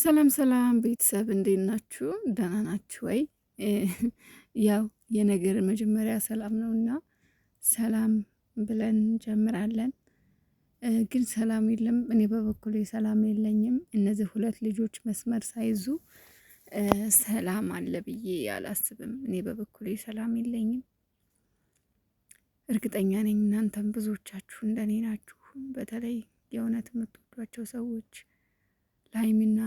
ሰላም ሰላም ቤተሰብ እንዴት ናችሁ? ደህና ናችሁ ወይ? ያው የነገር መጀመሪያ ሰላም ነው እና ሰላም ብለን እንጀምራለን። ግን ሰላም የለም። እኔ በበኩሌ ሰላም የለኝም። እነዚህ ሁለት ልጆች መስመር ሳይዙ ሰላም አለ ብዬ አላስብም። እኔ በበኩሌ ሰላም የለኝም። እርግጠኛ ነኝ እናንተም ብዙዎቻችሁ እንደኔ ናችሁ። በተለይ የእውነት የምትወዷቸው ሰዎች ለሀይሚና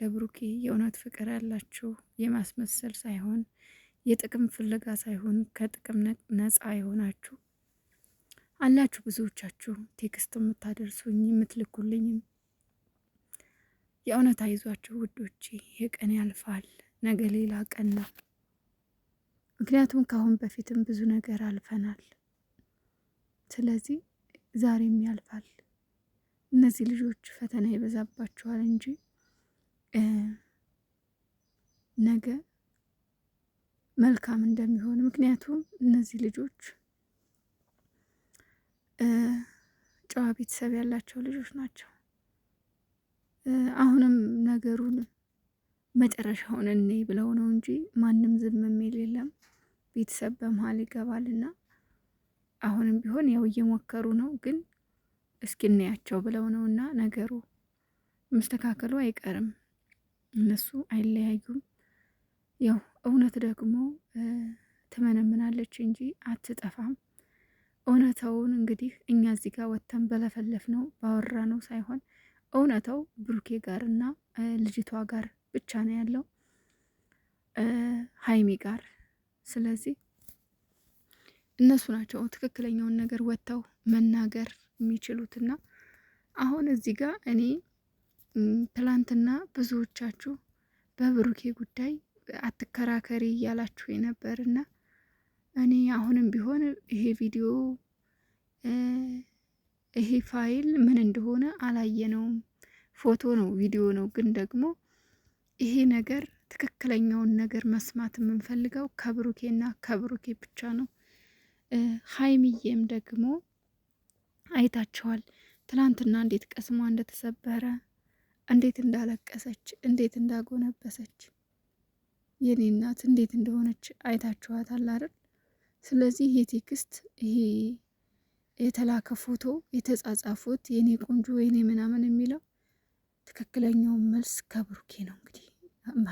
ለብሩኬ የእውነት ፍቅር ያላችሁ የማስመሰል ሳይሆን የጥቅም ፍለጋ ሳይሆን ከጥቅም ነጻ የሆናችሁ አላችሁ። ብዙዎቻችሁ ቴክስት የምታደርሱኝ የምትልኩልኝም የእውነት አይዟችሁ ውዶች ይሄ ቀን ያልፋል፣ ነገ ሌላ ቀን ነው። ምክንያቱም ከአሁን በፊትም ብዙ ነገር አልፈናል። ስለዚህ ዛሬም ያልፋል። እነዚህ ልጆች ፈተና ይበዛባቸዋል እንጂ ነገ መልካም እንደሚሆን ምክንያቱም እነዚህ ልጆች ጨዋ ቤተሰብ ያላቸው ልጆች ናቸው። አሁንም ነገሩን መጨረሻውን እኔ ብለው ነው እንጂ ማንም ዝም የሚል የለም። ቤተሰብ በመሀል ይገባልና አሁንም ቢሆን ያው እየሞከሩ ነው ግን እስኪናያቸው ብለው ነው እና ነገሩ መስተካከሉ አይቀርም። እነሱ አይለያዩም። ያው እውነት ደግሞ ትመነምናለች እንጂ አትጠፋም። እውነታውን እንግዲህ እኛ እዚህ ጋር ወጥተን በለፈለፍ ነው ባወራ ነው ሳይሆን እውነታው ብሩኬ ጋር እና ልጅቷ ጋር ብቻ ነው ያለው ሀይሚ ጋር። ስለዚህ እነሱ ናቸው ትክክለኛውን ነገር ወጥተው መናገር የሚችሉትና አሁን እዚህ ጋር እኔ ትላንትና ብዙዎቻችሁ በብሩኬ ጉዳይ አትከራከሪ እያላችሁ ና እኔ አሁንም ቢሆን ይሄ ቪዲዮ ይሄ ፋይል ምን እንደሆነ አላየነውም። ፎቶ ነው፣ ቪዲዮ ነው። ግን ደግሞ ይሄ ነገር ትክክለኛውን ነገር መስማት የምንፈልገው ከብሩኬና ከብሩኬ ብቻ ነው። ሀይሚዬም ደግሞ አይታቸዋል። ትናንትና እንዴት ቀስሟ እንደተሰበረ፣ እንዴት እንዳለቀሰች፣ እንዴት እንዳጎነበሰች የኔ እናት እንዴት እንደሆነች አይታችኋታል አይደል? ስለዚህ የቴክስት ይሄ የተላከ ፎቶ የተጻጻፉት የኔ ቆንጆ የኔ ምናምን የሚለው ትክክለኛውን መልስ ከብሩኬ ነው እንግዲህ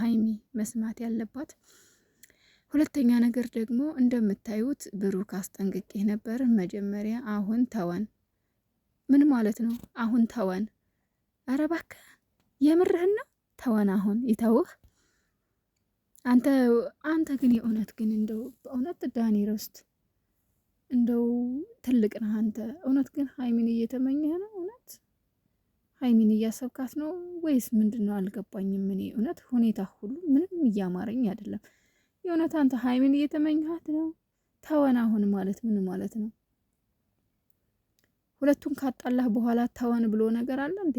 ሀይሚ መስማት ያለባት። ሁለተኛ ነገር ደግሞ እንደምታዩት ብሩክ አስጠንቅቄ ነበር መጀመሪያ። አሁን ተወን ማለት ነው። አሁን ተወን፣ ኧረ እባክህ የምርህና ተወን፣ አሁን ይተውህ። አንተ አንተ ግን የእውነት ግን እንደው በእውነት ዳኒ ረስት እንደው ትልቅ ነህ አንተ። እውነት ግን ሀይሚን እየተመኘህ ነው? እውነት ሀይሚን እያሰብካት ነው ወይስ ምንድን ነው? አልገባኝም። እኔ እውነት ሁኔታ ሁሉ ምንም እያማረኝ አይደለም። የእውነት አንተ ሀይሚን እየተመኘሃት ነው? ተወን አሁን ማለት ምን ማለት ነው? ሁለቱን ካጣላህ በኋላ ተወን ብሎ ነገር አለ እንዴ?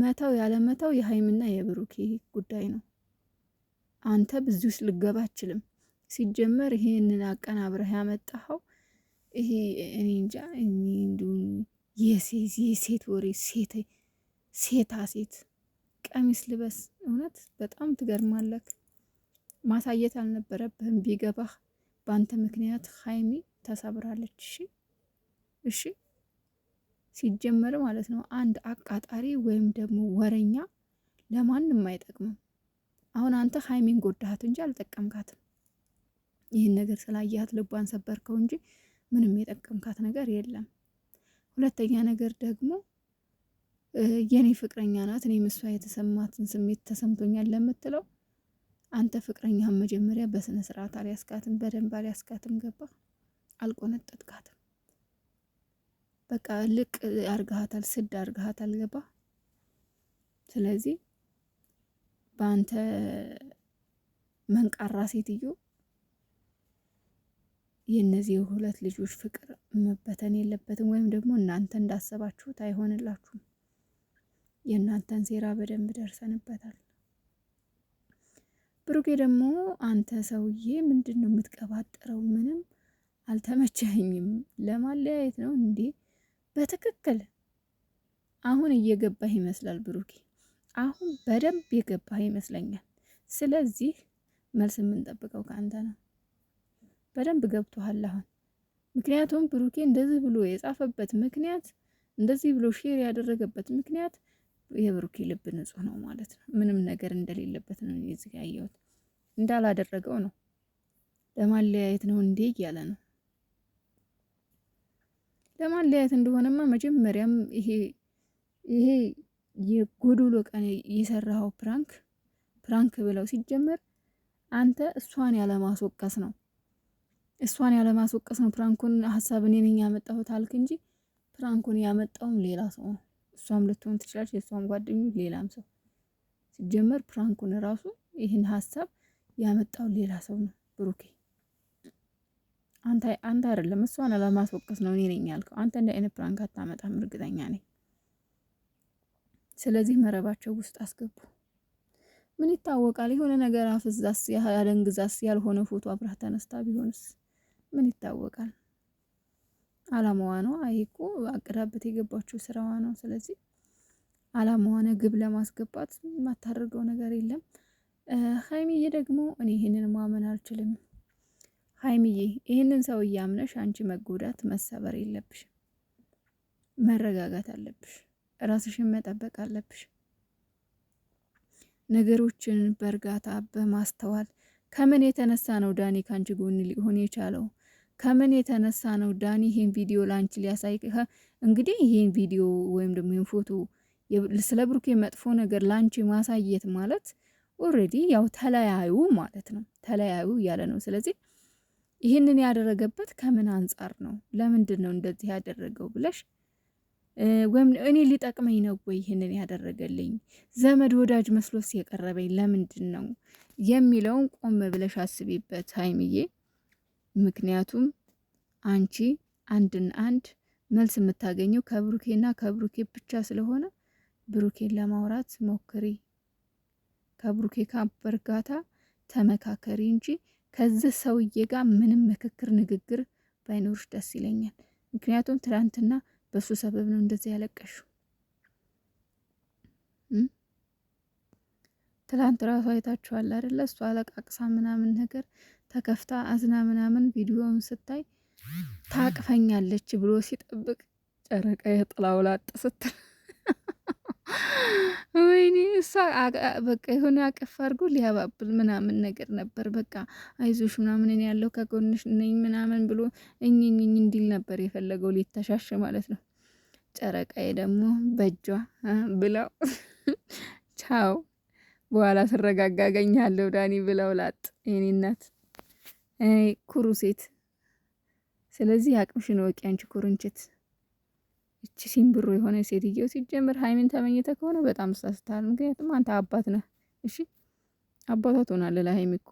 መተው ያለ መተው የሀይምና የብሩኬ ጉዳይ ነው። አንተ ብዙስ ውስጥ ልገባ አችልም። ሲጀመር ይሄንን አቀናብረህ ያመጣኸው ይሄ እኔ እንጃ የሴት ወሬ ሴት ሴታ ሴት ቀሚስ ልበስ። እውነት በጣም ትገርማለክ ማሳየት አልነበረብህም። ቢገባህ በአንተ ምክንያት ሀይሚ ተሰብራለች። እሺ እሺ ሲጀመር ማለት ነው አንድ አቃጣሪ ወይም ደግሞ ወረኛ ለማንም አይጠቅምም። አሁን አንተ ሀይሚን ጎዳሃት እንጂ አልጠቀምካትም። ይህን ነገር ስላየሃት ልቧን ሰበርከው እንጂ ምንም የጠቀምካት ነገር የለም። ሁለተኛ ነገር ደግሞ የኔ ፍቅረኛ ናት፣ እኔ እሷ የተሰማትን ስሜት ተሰምቶኛል ለምትለው አንተ ፍቅረኛ መጀመሪያ በስነ ስርዓት አልያዝካትም፣ በደንብ አልያዝካትም። ገባ አልቆነጠጥካትም። በቃ ልቅ አርግሃታል፣ ስድ አርግሃታል። ገባ። ስለዚህ በአንተ መንቃራ ሴትዮ የእነዚህ የሁለት ልጆች ፍቅር መበተን የለበትም። ወይም ደግሞ እናንተ እንዳሰባችሁት አይሆንላችሁም። የእናንተን ሴራ በደንብ ደርሰንበታል። ብሩጌ ደግሞ አንተ ሰውዬ ምንድን ነው የምትቀባጥረው? ምንም አልተመቸኝም። ለማለያየት ነው እንዴ? በትክክል አሁን እየገባህ ይመስላል ብሩኬ፣ አሁን በደንብ የገባህ ይመስለኛል። ስለዚህ መልስ የምንጠብቀው ከአንተ ነው። በደንብ ገብቶሃል አሁን። ምክንያቱም ብሩኬ እንደዚህ ብሎ የጻፈበት ምክንያት፣ እንደዚህ ብሎ ሼር ያደረገበት ምክንያት የብሩኬ ልብ ንጹህ ነው ማለት ነው። ምንም ነገር እንደሌለበት ነው እዚህ ያየሁት። እንዳላደረገው ነው ለማለያየት ነው እንዴ እያለ ነው ለማለያየት እንደሆነማ መጀመሪያም ይሄ ይሄ የጎዶሎ ቀን የሰራኸው ፕራንክ ፕራንክ ብለው ሲጀመር አንተ እሷን ያለማስወቀስ ነው እሷን ያለማስወቀስ ነው ፕራንኩን ሀሳብን እኔ ነኝ ያመጣሁት አልክ እንጂ ፕራንኩን ያመጣውም ሌላ ሰው ነው። እሷም ልትሆን ትችላለች፣ የእሷም ጓደኞች፣ ሌላም ሰው ሲጀመር ፕራንኩን ራሱ ይህን ሀሳብ ያመጣው ሌላ ሰው ነው ብሩኬ አንተ አንተ አይደለም እሷን ለማስወቀስ ነው እኔ ነኝ ያልከው። አንተ እንደ አይነት ፕራንክ አታመጣም፣ እርግጠኛ ነኝ። ስለዚህ መረባቸው ውስጥ አስገቡ። ምን ይታወቃል? የሆነ ነገር አፍዛስ ያደንግዛስ ያልሆነ ፎቶ አብራህ ተነስታ ቢሆንስ ምን ይታወቃል? አላማዋ ነው። አይ እኮ አቅዳበት የገባችው ስራዋ ነው። ስለዚህ አላማዋን ግብ ለማስገባት የማታደርገው ነገር የለም። ሀይሚዬ ደግሞ እኔ ይህንን ማመን አልችልም። ሀይሚዬ ይህንን ሰው እያምነሽ አንቺ መጎዳት መሰበር የለብሽ መረጋጋት አለብሽ። ራስሽን መጠበቅ አለብሽ። ነገሮችን በእርጋታ በማስተዋል ከምን የተነሳ ነው ዳኒ ከአንቺ ጎን ሊሆን የቻለው? ከምን የተነሳ ነው ዳኒ ይህን ቪዲዮ ለአንቺ ሊያሳይ? እንግዲህ ይህን ቪዲዮ ወይም ደግሞ ይህን ፎቶ ስለ ብሩኬ መጥፎ ነገር ለአንቺ ማሳየት ማለት ኦልሬዲ ያው ተለያዩ ማለት ነው። ተለያዩ እያለ ነው። ስለዚህ ይህንን ያደረገበት ከምን አንጻር ነው? ለምንድን ነው እንደዚህ ያደረገው ብለሽ ወይም እኔ ሊጠቅመኝ ነው ወይ ይህንን ያደረገልኝ ዘመድ ወዳጅ መስሎስ የቀረበኝ ለምንድን ነው የሚለውን ቆም ብለሽ አስቢበት ሀይሚዬ። ምክንያቱም አንቺ አንድን አንድ መልስ የምታገኘው ከብሩኬና ከብሩኬ ብቻ ስለሆነ ብሩኬን ለማውራት ሞክሪ፣ ከብሩኬ ጋር በእርጋታ ተመካከሪ እንጂ ከዚህ ሰውዬ ጋር ምንም ምክክር ንግግር ባይኖርሽ ደስ ይለኛል። ምክንያቱም ትናንትና በሱ ሰበብ ነው እንደዚህ ያለቀሽው። ትላንት ራሱ አይታችኋል አይደለ? እሷ አለቃቅሳ ምናምን ነገር ተከፍታ አዝና ምናምን ቪዲዮውን ስታይ ታቅፈኛለች ብሎ ሲጠብቅ ጨረቃ የጥላውላጥ ስትል ወይኔ እሷ በቃ የሆነ አቀፍ አድርጎ ሊያባብል ምናምን ነገር ነበር። በቃ አይዞሽ ምናምን እኔ ያለው ከጎንሽ ነኝ ምናምን ብሎ እኝኝ እንዲል ነበር የፈለገው ሊተሻሽ ማለት ነው። ጨረቃዬ ደግሞ በእጇ ብለው ቻው፣ በኋላ ስረጋጋ አገኛለሁ ዳኒ ብለው ላጥ የኔ እናት ኩሩ ሴት። ስለዚህ አቅምሽን ወቂ አንቺ ኩርንችት። እቺ ሲምብሮ የሆነ ሴትዮ ሲጀምር ሀይሚን ተመኝተ ከሆነ በጣም ሳስተሃል። ምክንያቱም አንተ አባት ነህ። እሺ አባቷ ትሆናለህ ለሀይሚ እኮ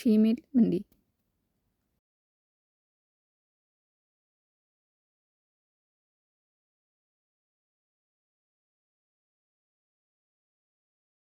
ሺሜል እንዴ